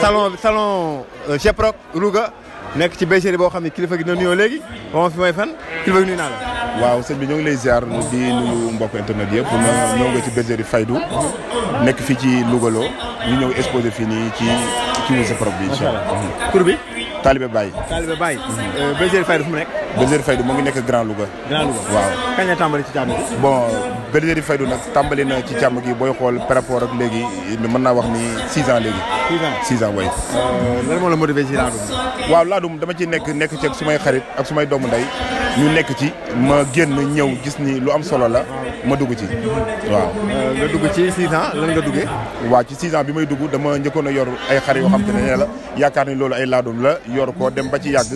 salon bi salon Chep euh, Rock Louga nekk ci bergerie boo xam ne kilifa gi dina nuyoo léegi moom fi may fan kilifa gi nuyu naa la. waaw sëñ bi ñoo ngi lay ziar di nuyu mbokk internet yëpp na ñëw nga ci bergerie Faydu nekk fii ci Louga loo ñu ñëw exposé fii nii ci ci Chep Rock bi. incha allah tur bi. Talibe Baye. Talibe Baye. Euh, bergerie Faydu fu mu Bergerie Faydu moo ngi nekk Grand Louga. waaw. kañ la tàmbali ci càmm gi. bon Bergerie Faydu nag tàmbali na ci càmm gi booy xool par rapport ak léegi mën naa wax ni 6 ans léegi. 6 ans 6 ans waaye. Euh, lan moo la motivé ci laadum. waaw laadum dama ci nekk nekk ci ak sumay xarit ak sumay doomu ndey. ñu nekk ci ma génn ñëw gis ni lu am solo la ma dugg ci waaw. Euh, nga dugg ci 6 ans lan nga duggee. waaw ci 6 bi may dugg dama njëkkoon a yor ay xar yoo xam te ne la yaakaar ni loolu ay laadum la yor ko dem ba ci yàgg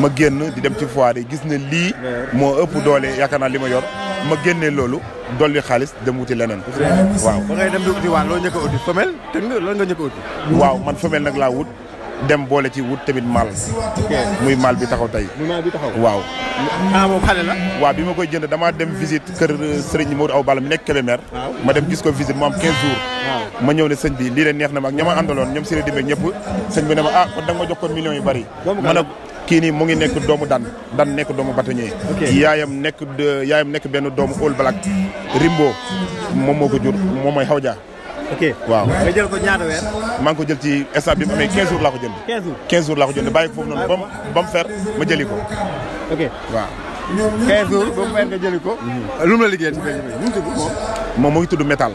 ma génn di dem ci foire yi gis ne lii moo ëpp doole yaakaar naa li ma yor ma génne loolu dolli xaalis dem wuti leneen. waaw waa loo njëkk a uti femelle a waaw man femelle nag laa wut. dem boole ci wut tamit mal muy mal bi taxaw tey waaw ah, waaw bi ma koy jënd damaa dem visite kër euh, sëriñ Modou Awa bala mi nekk Kébémer ma dem gis ko visite mu am 15 jours ma ñëw ne sëñ bi lii leen neex na ma ak ña ma àndaloon ñoom sëriñ Dimbe ñëpp sëñ bi ne ma ah kon da nga ma jox ko millions yu bari ma kii nii mu ngi nekk doomu dan dan nekk doomu bâtonnier yaayam nekk yaayam nekk benn doomu All Black Rimbo moom moo ko jur moom mooy Xawja ok waaw nga jël ko ñaata weer. maa ngi ko jël ci instant bi mu amee 15 jours laa ko jënd. 15 jours 15 jours laa ko jënd bàyyi ko foofu noonu ba mu ba mu fer ma jëli ko. ok waaw. 15 jours ba mu nga jëli ko. Mhm. lu mu la liggéeyal ci benn moom mu ngi tudd métal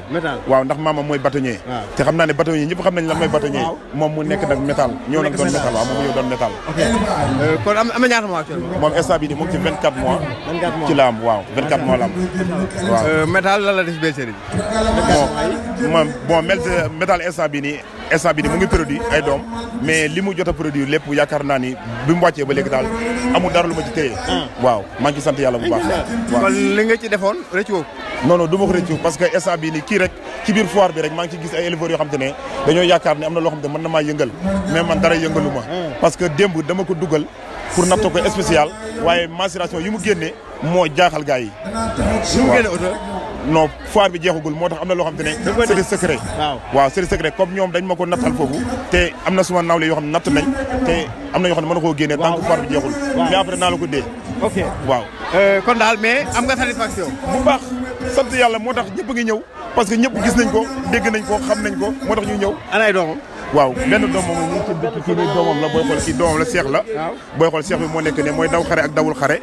waaw ndax maamam mooy bâtonnier te xam naa ne bâtonnier ñëpp xam nañ la mooy ah, bâtonnier moom mu nekk nag métal ñëw nag doon métal waaw moom ñëw doon métal euh, na ñaata mois moom instant bi ni mu ngi ci 24 mois ci la am waaw 24 mois la am waaw euh, métal lan la def bel sëriñ bon instant bi ni mu ngi produit ay doom mais li mu jot a produit lépp yaakaar naa ni bi mu wàccee ba léegi daal amul dara lu ma ci téye. Hmm. waaw maa ngi sant yàlla bu baax. waaw nga ci defoon rëccu woo non non du ma ko rëccu parce que instant bi ni kii rek ci biir foire bi rek maa ngi gis ay éleveurs yoo xam te ne dañoo yaakaar ne am na loo xam te mën na maa yëngal mais man dara yëngalu ma hmm. parce que démb dama ko dugal pour natt ko spécial waaye mensuration yi mu génne moo jaaxal gars yi. waaw non foire bi jeexagul moo tax am na loo xam ne c'est des secret waaw c'est secret comme ñoom dañ ma ko nattal foofu te am na suma nawle yoo xam ne natt nañ te am na yoo xam ne mën na koo génne tant que foire bi jeexul mais après naa la dee waaw euh, kon daal mais am nga satisfaction bu baax sant yàlla moo tax ñëpp ngi ñëw parce que ñëpp gis nañ ko dégg nañ ko xam nañ ko moo tax ñuy ñëw anay doomam waaw benn doomam mu ngi ci dëkk kii ni doomam la booy xool la seex la booy xool seex bi moo nekk mooy daw xare ak dawul xare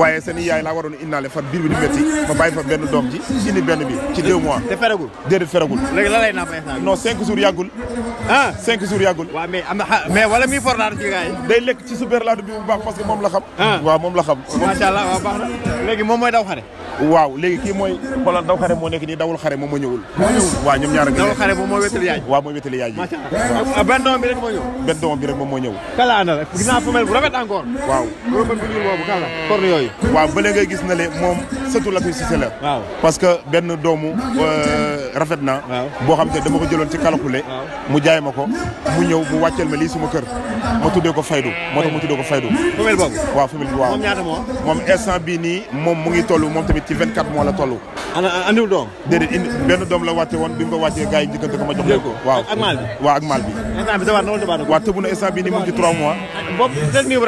waaye seen yaay laa waroon indaale far biir bi di métti ma bàyyi fa benn doom ji indi benn bi ci deux mois. te feragul déedéet feragul. léegi lan lay napp instant non cinq jours yàggul. ah cinq jours yàggul. waaw mais am mais wala mi for naa ci gars yi. day lekk ci super laadu bi bu baax parce que moom la xam. Ah. waaw moom la xam. macha allah waaw moom mooy daw xare. waaw léegi kii mooy xoolal daw xare moo nekk nii dawul xare moom moo ñëwul waaw ñoom ñaar dawul xare moom moo wétali yaay waaw mooy wétali yaay ah, benn doom bi rek moo ñëw benn moom moo ñëw kala na bu rafet encore na le moom sëtu Latir Cissé la parce que benn doomu euh, rafet na boo xam te dama ko jëloon ci kalakule mu jaay ma ko mu ñëw mu wàcceel ma lii suma kër ma tuddee ko faydu moo tax mu ko faydu femelle boobu waaw femelle waaw moom instant nii moom mu ngi toll moom tamit tamit ci 24 mois la toll. ana doom. déedéet benn doom la wàcce woon bi mu ko wàccee ko ma jox leen ko. waaw ak maal bi waaw ak maal bi. bi tabaat na ci 3 mois. boobu te niiw bu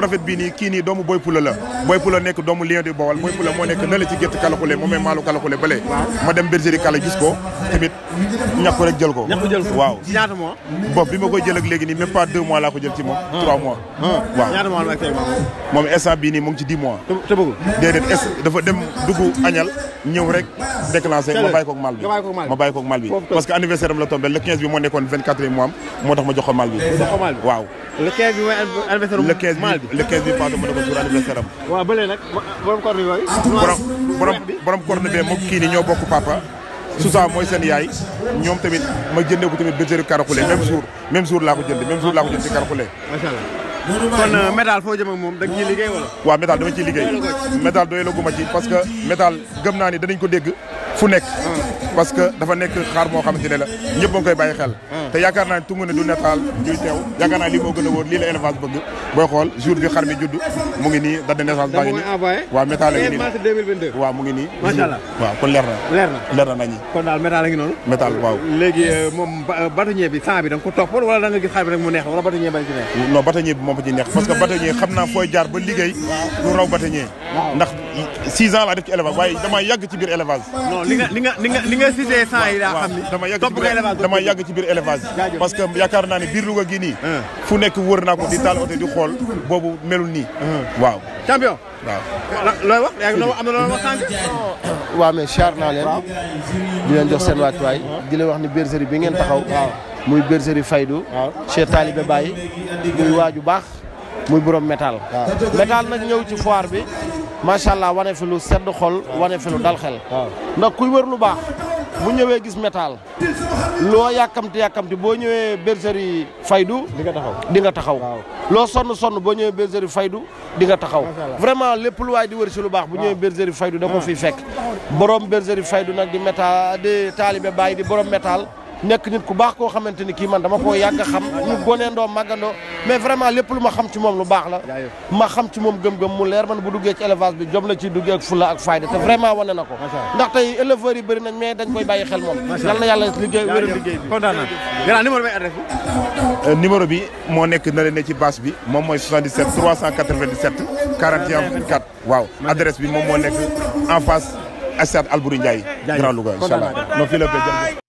rafet bii nag. kii nii doomu Boy Pula la. Boy Pula nekk doomu Lion di Bawal Boy Pula moo nekk na la ci gétt kalakule moom mooy maalu kalakule bële. ma dem bergerie kala gis ko tamit rek jël ko. waaw ci ñaata mois. boobu léegi nii même pas 2 mois laa ko jël ci moom. 3 ah. mois. Ah. dafa dem dugg añal ñëw rek déclenché ma bàyyi koog mal bi ma bàyyi koog mal bi parce que anniversaire la tombé le 15 bi moo nekkoon moo tax ma jox mal bi waaw le 15 bi mooy anniversaire le 15 bi le 15 bi ma ne ko jour anniversaire am waaw bële bi borom kii ni ñoo bokk papa Sousa mooy seen yaay ñoom tamit ma jëndee ko tamit béjëri karaxule même jour laa ko jënd même jour laa ko jënd karaxule kon euh, métal foo jëm ak moom da nga ciy liggéey wala. waaw métal dama ciy liggéey métal doy la guma ci parce que métal gëm naa ni danañ ko dégg fu nekk parce que dafa nekk xaar moo xamante ne la ñëpp a ngi koy bàyyi xel te yaakaar naa ne tungu ne du nataal ñuy teew yaakaar naa lii moo gën a wóor lii la élevage bëgg booy xool jour bi xar mi judd mu ngi nii date de naissance ngi mu ngi nii macha allah waaw kon leer na leer na leer na noonu métal waaw léegi euh, moom euh, bâtonnier bi sang bi da nga gis xar bi rek mu neex wala bâtonnier bi moom ci neex parce que bâtonnier xam naa fooy jaar ba liggéey lu raw bâtonnier six ans laa def ci élevage waaye dama yàgg ci biir élevage. dama yàgg ci biir dama yàgg ci biir élevage. parce que yaakaar naa ne biir Louga gii nii. fu nekk wër naa ko di taal oto di xool boobu melul nii. waaw. champion. waaw looy wax yaa ngi am na loo wax oh. char naa leen. di leen jox seen wàccuwaay. di leen wax ni bergerie bi ngeen taxaw. muy bergerie Faydu. waaw Cheikh Talibé Baye. muy waaju baax. muy borom métal. métal nag ñëw ci foire bi. macha allah wane fi lu sedd xol wane fi lu dal xel. ndax kuy wër lu baax bu ñëwee gis métal loo yàkkamti yàkkamti boo ñëwee bergerie faydu di nga taxaw di nga taxaw. loo sonn sonn boo ñëwee bergerie faydu di nga taxaw. vraiment lépp lu waay di wër si lu baax bu ñëwee bergerie faydu da ko ah. fiy fekk. borom bergerie faydu nag di métal di taalibe baay di borom métal. nekk nit ku baax koo xamante ni kii man dama koo yàgg xam ñu goneendoo màggandoo mais vraiment lépp lu ma xam ci moom lu baax la ma xam ci moom gëm-gëm mu leer man bu duggee ci élevage bi jom la ciy duggee ak fulla ak fayda te vraiment wane na ko ndax tey éleveurs yi bëri nañ mais dañ koy bàyyi xel moom yal na yàlla liggéey wéral euh, bi moo nekk na leen ci base bi moom mooy 77 397 41 24 waaw adresse bi moom moo nekk en face stade Alboury Ndiaye Grand Louga incha